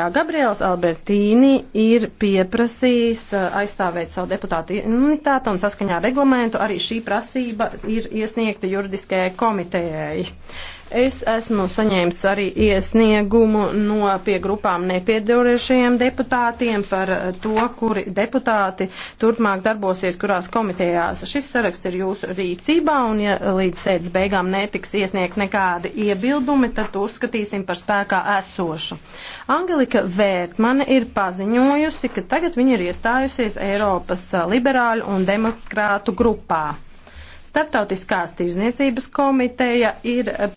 Jā, Gabriels Albertīni ir pieprasījis uh, aizstāvēt savu deputātu imunitātu un saskaņā ar reglamentu arī šī prasība ir iesniegta juridiskajai komitejai. Es esmu saņēmis arī iesniegumu no pie grupām nepiedarošajiem deputātiem par eh, to, kuri deputāti turpmāk darbosies, kurās komitejās. Šis saraksts ir jūsu rīcībā, un ja līdz sēdes beigām netiks iesniegt nekādi iebildumi, tad to uzskatīsim par spēkā esošu. Angelika Vērtmane ir paziņojusi, ka tagad viņa ir iestājusies Eiropas eh, liberāļu un demokrātu grupā. Starptautiskās tirzniecības komiteja ir eh,